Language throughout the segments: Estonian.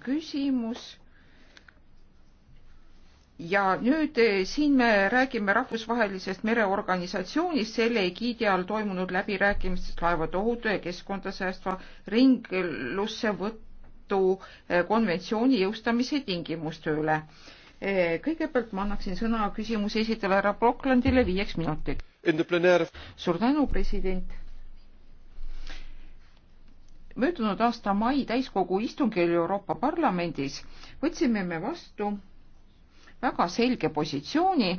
küsimus. ja nüüd eh, siin me räägime rahvusvahelisest mereorganisatsioonist, selle egiidi all toimunud läbirääkimistest laevade ohutu ja keskkonda säästva ringlussevõttu eh, konventsiooni jõustamise tingimuste üle. Eh, kõigepealt ma annaksin sõna küsimuse esitajale härra Brocklandile viieks minutiks. suur tänu, president möödunud aasta mai täiskogu istungil Euroopa Parlamendis võtsime me vastu väga selge positsiooni.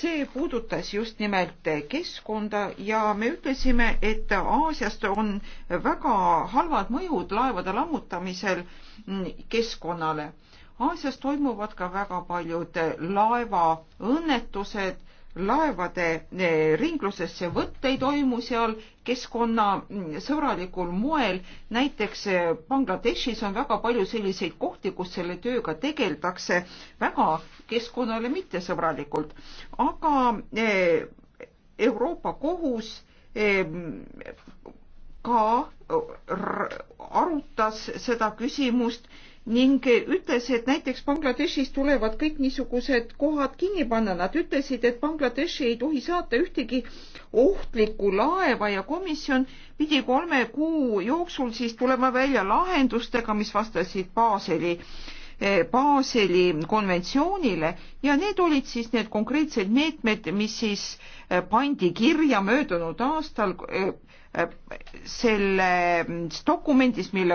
see puudutas just nimelt keskkonda ja me ütlesime, et Aasiast on väga halvad mõjud laevade lammutamisel keskkonnale. Aasias toimuvad ka väga paljud laevaõnnetused laevade eh, ringlusesse võtta ei toimu seal keskkonnasõbralikul moel. näiteks eh, Bangladeshis on väga palju selliseid kohti, kus selle tööga tegeldakse väga keskkonnale mittesõbralikult, aga eh, Euroopa Kohus ka arutas seda küsimust ning ütles, et näiteks Bangladeshis tulevad kõik niisugused kohad kinni panna. Nad ütlesid, et Bangladeshi ei tohi saata ühtegi ohtlikku laeva ja komisjon pidi kolme kuu jooksul siis tulema välja lahendustega, mis vastasid Baseli äh, Eh, Baseli konventsioonile ja need olid siis need konkreetsed meetmed, mis siis eh, pandi kirja möödunud aastal eh, selles mm, dokumendis, mille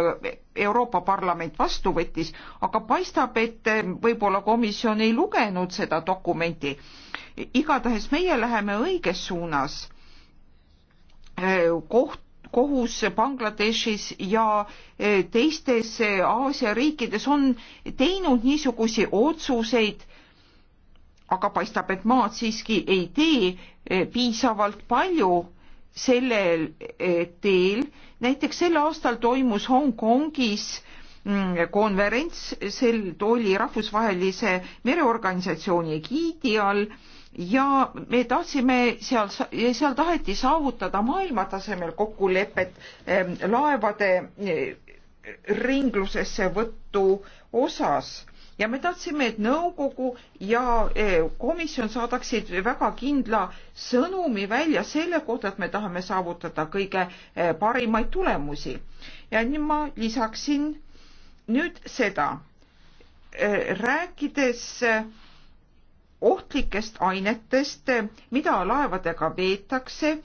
Euroopa Parlament vastu võttis, aga paistab, et võib-olla komisjon ei lugenud seda dokumenti. igatahes meie läheme õiges suunas koht kohus Bangladeshis ja e, teistes e, Aasia riikides on teinud niisugusi otsuseid, aga paistab, et maad siiski ei tee e, piisavalt palju sellel teel. näiteks sel aastal toimus Hongkongis mm, konverents, sel oli rahvusvahelise mereorganisatsiooni egiidi all ja me tahtsime seal, seal taheti saavutada maailmatasemel kokkulepet ehm, laevade eh, ringlusesse võttu osas ja me tahtsime, et nõukogu ja eh, komisjon saadaksid väga kindla sõnumi välja selle kohta, et me tahame saavutada kõige eh, parimaid tulemusi. ja nüüd ma lisaksin nüüd seda, rääkides ohtlikest ainetest, mida laevadega veetakse.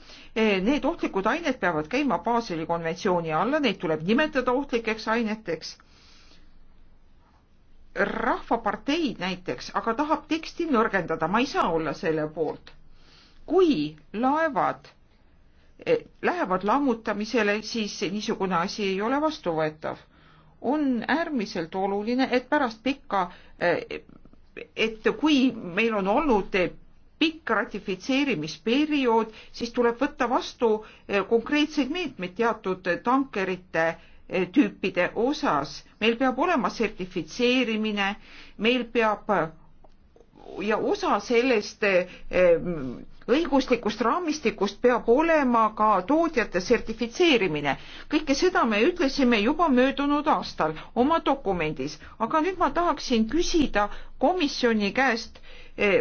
Need ohtlikud ained peavad käima Baseli konventsiooni alla, neid tuleb nimetada ohtlikeks aineteks. rahvaparteid näiteks aga tahab teksti nõrgendada, ma ei saa olla selle poolt. kui laevad eh, lähevad lammutamisele, siis niisugune asi ei ole vastuvõetav on äärmiselt oluline, et pärast pikka eh, et kui meil on olnud pikk ratifitseerimisperiood, siis tuleb võtta vastu eh, konkreetseid meetmeid teatud tankerite eh, tüüpide osas. meil peab olema sertifitseerimine, meil peab ja osa sellest eh, õiguslikust raamistikust peab olema ka tootjate sertifitseerimine. kõike seda me ütlesime juba möödunud aastal oma dokumendis, aga nüüd ma tahaksin küsida komisjoni käest, eh,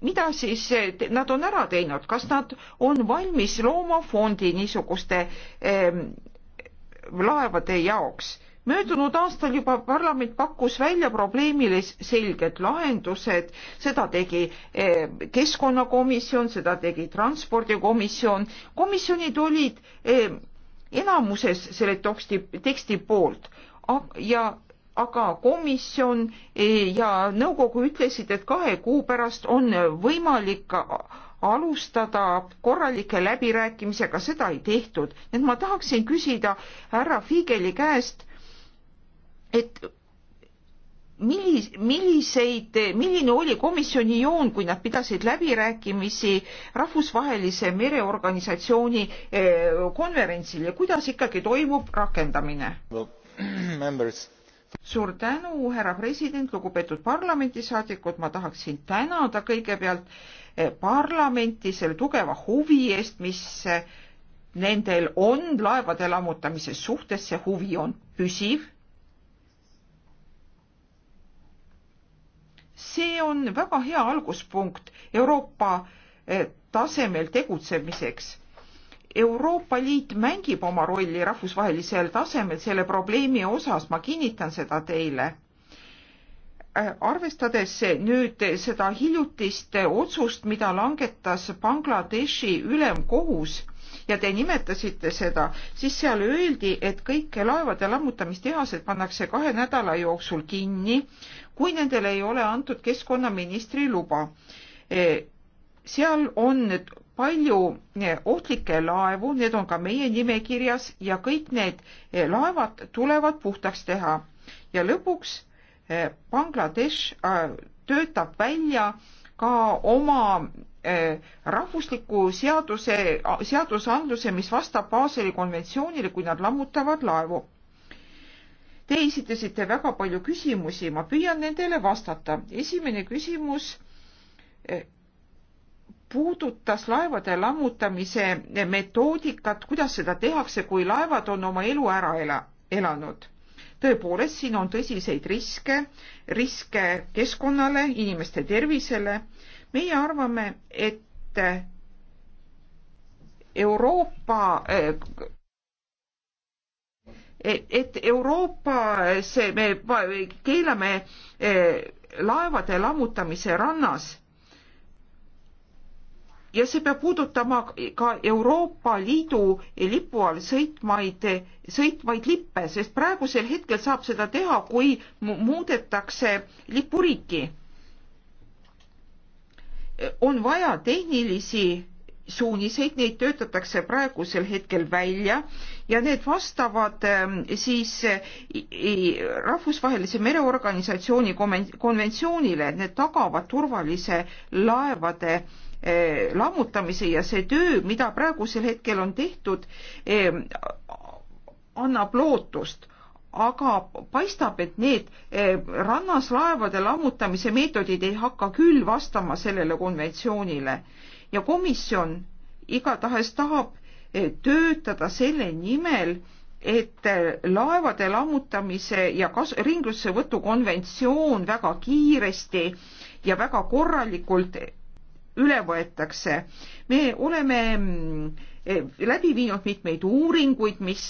mida siis eh, nad on ära teinud, kas nad on valmis looma fondi niisuguste laevade jaoks möödunud aastal juba parlament pakkus välja probleemile selged lahendused, seda tegi eh, keskkonnakomisjon, seda tegi transpordikomisjon, komisjonid olid eh, enamuses selle teksti, teksti poolt ja aga komisjon eh, ja nõukogu ütlesid, et kahe kuu pärast on võimalik alustada korralike läbirääkimisega, seda ei tehtud. et ma tahaksin küsida härra Fiigeli käest, et millis, milliseid, milline oli komisjoni joon, kui nad pidasid läbirääkimisi rahvusvahelise mereorganisatsiooni eh, konverentsil ja kuidas ikkagi toimub rakendamine well,? suur tänu, härra president, lugupeetud parlamendisaadikud, ma tahaksin tänada kõigepealt eh, parlamenti selle tugeva huvi eest, mis eh, nendel on laevade lammutamise suhtes, see huvi on püsiv see on väga hea alguspunkt Euroopa eh, tasemel tegutsemiseks. Euroopa Liit mängib oma rolli rahvusvahelisel tasemel selle probleemi osas, ma kinnitan seda teile. Eh, arvestades nüüd seda hiljutist otsust, mida langetas Bangladeshi ülemkohus ja te nimetasite seda, siis seal öeldi, et kõik laevade lammutamistehased pannakse kahe nädala jooksul kinni kui nendele ei ole antud keskkonnaministri luba. E, seal on palju e, ohtlikke laevu, need on ka meie nimekirjas ja kõik need e, laevad tulevad puhtaks teha. ja lõpuks Bangladesh töötab välja ka oma rahvusliku seaduse, seadusandluse, mis vastab Baseli konventsioonile, kui nad lammutavad laevu Te esitasite väga palju küsimusi, ma püüan nendele vastata. esimene küsimus eh, puudutas laevade lammutamise metoodikat, kuidas seda tehakse, kui laevad on oma elu ära ela, elanud. tõepoolest, siin on tõsiseid riske, riske keskkonnale, inimeste tervisele. meie arvame, et Euroopa eh, et Euroopas me keelame eh, laevade lammutamise rannas ja see peab puudutama ka Euroopa Liidu lipu all sõitmaid, sõitmaid lippe, sest praegusel hetkel saab seda teha, kui muudetakse lipuriiki. on vaja tehnilisi suuniseid, neid töötatakse praegusel hetkel välja ja need vastavad ähm, siis äh, Rahvusvahelise Mereorganisatsiooni konventsioonile, et need tagavad turvalise laevade äh, lammutamise ja see töö, mida praegusel hetkel on tehtud, ähm, annab lootust aga paistab, et need äh, rannas laevade lammutamise meetodid ei hakka küll vastama sellele konventsioonile ja komisjon igatahes tahab eh, töötada selle nimel, et eh, laevade lammutamise ja kas-, ringlussevõtu konventsioon väga kiiresti ja väga korralikult üle võetakse. me oleme mm, eh, läbi viinud mitmeid uuringuid, mis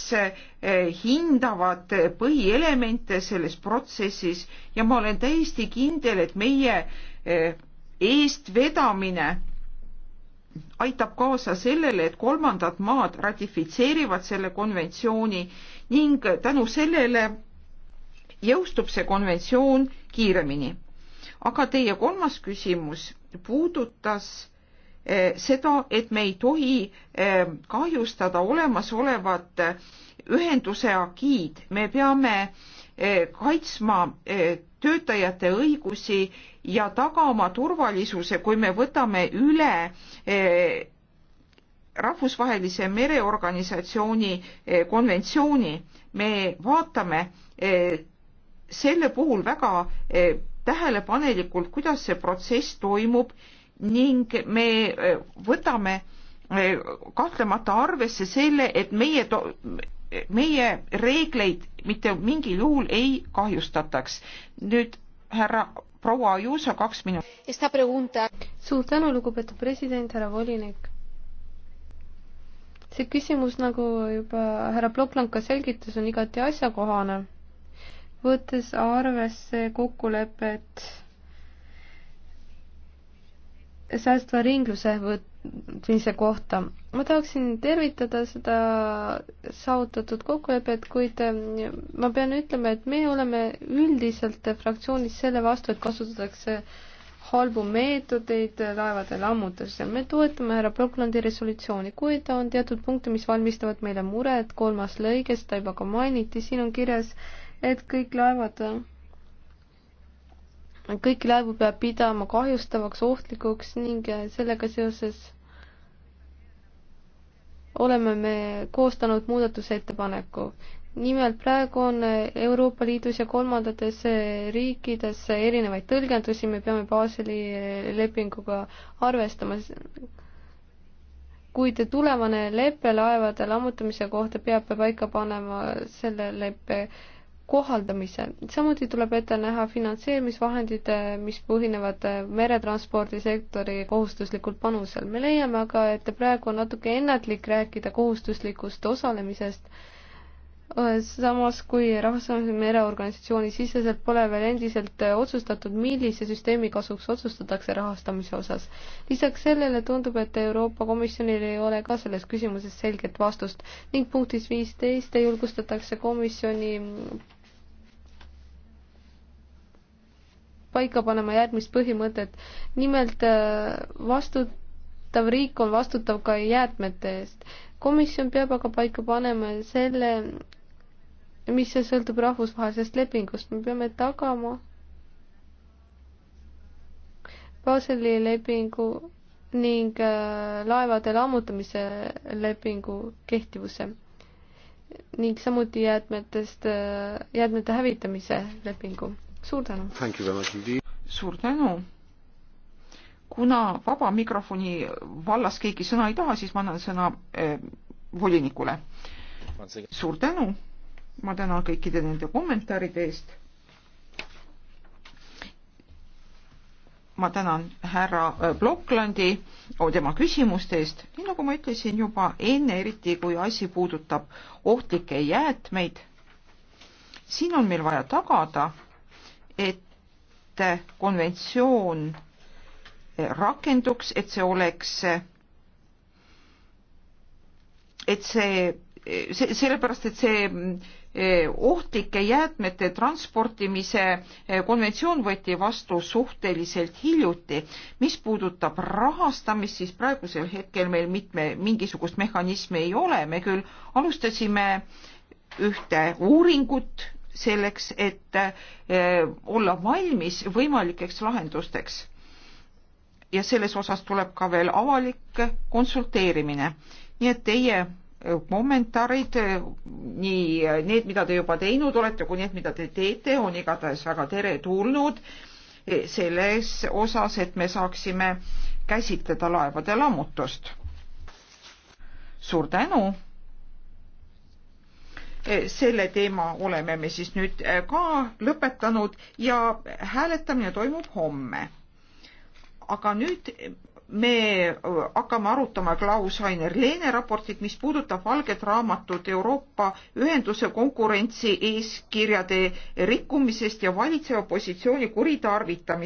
hindavad põhielemente selles protsessis ja ma olen täiesti kindel, et meie eestvedamine aitab kaasa sellele, et kolmandad maad ratifitseerivad selle konventsiooni ning tänu sellele jõustub see konventsioon kiiremini. aga teie kolmas küsimus puudutas eh, seda, et me ei tohi eh, kahjustada olemasolevat eh, ühenduse agiid, me peame Eh, kaitsma eh, töötajate õigusi ja tagama turvalisuse, kui me võtame üle eh, rahvusvahelise mereorganisatsiooni konventsiooni, me vaatame selle puhul väga tähelepanelikult, kuidas see protsess toimub ning me võtame kahtlemata arvesse selle, et meie meie reegleid mitte mingil juhul ei kahjustataks. nüüd härra proua Ajuso, kaks minutit. suur tänu, lugupeetud president, härra volinik. see küsimus, nagu juba härra Ploplank ka selgitas, on igati asjakohane, võttes arvesse kokkulepet säästva ringluse võtmise kohta. ma tahaksin tervitada seda saavutatud kokkulepet, kuid eh, ma pean ütlema, et me oleme üldiselt fraktsioonis selle vastu, et kasutatakse halbu meetodeid laevade lammutamisel. me toetame härra Brocklandi resolutsiooni, kuid on teatud punkte, mis valmistavad meile muret. kolmas lõige, seda juba ka mainiti, siin on kirjas, et kõik laevad kõiki laevu peab pidama kahjustavaks, ohtlikuks ning äh, sellega seoses oleme me koostanud muudatusettepaneku. nimelt praegu on äh, Euroopa Liidus ja kolmandates äh, riikides erinevaid tõlgendusi, me peame Baseli lepinguga arvestama. kuid tulevane lepe laevade lammutamise kohta peab paika panema selle leppe äh, kohaldamise. samuti tuleb ette näha finantseerimisvahendid, mis põhinevad meretranspordisektori kohustuslikul panusel. me leiame aga, et praegu on natuke ennatlik rääkida kohustuslikust osalemisest, samas kui Rahvusvahelise Mereorganisatsiooni siseselt pole veel endiselt otsustatud, millise süsteemi kasuks otsustatakse rahastamise osas. lisaks sellele tundub, et Euroopa Komisjonil ei ole ka selles küsimuses selget vastust ning punktis viisteist julgustatakse komisjoni paika panema järgmist põhimõtet. nimelt äh, vastutav riik on vastutav ka jäätmete eest. komisjon peab aga paika panema selle, mis sõltub rahvusvahelisest lepingust, me peame tagama Baseli lepingu ning äh, laevade lammutamise lepingu kehtivuse ning samuti jäätmetest, äh, jäätmete hävitamise lepingu suur tänu. suur tänu. kuna vaba mikrofoni vallas keegi sõna ei taha, siis ma annan sõna eh, volinikule. suur tänu. ma tänan kõikide nende kommentaaride eest. ma tänan härra eh, Blocklandi eh, tema küsimuste eest. nii nagu ma ütlesin juba enne, eriti kui asi puudutab ohtlikke jäätmeid, siin on meil vaja tagada et konventsioon rakenduks, et see oleks, et see, see, sellepärast, et see eh, ohtlike jäätmete transportimise eh, konventsioon võeti vastu suhteliselt hiljuti. mis puudutab rahastamist, siis praegusel hetkel meil mitme, mingisugust mehhanismi ei ole, me küll alustasime ühte uuringut selleks, et eh, olla valmis võimalikeks lahendusteks. ja selles osas tuleb ka veel avalik konsulteerimine. nii et teie eh, kommentaarid, eh, nii need, mida te juba teinud olete, kui need, mida te teete, on igatahes väga teretulnud selles osas, et me saaksime käsitleda laevade lammutust. suur tänu Eh, selle teema oleme me siis nüüd eh, ka lõpetanud ja hääletamine toimub homme. aga nüüd me eh, hakkame arutama Klaus-Hainer Leene raportit, mis puudutab valget raamatut Euroopa Ühenduse konkurentsi eeskirjade rikkumisest ja valitseva positsiooni kuritarvitamisest.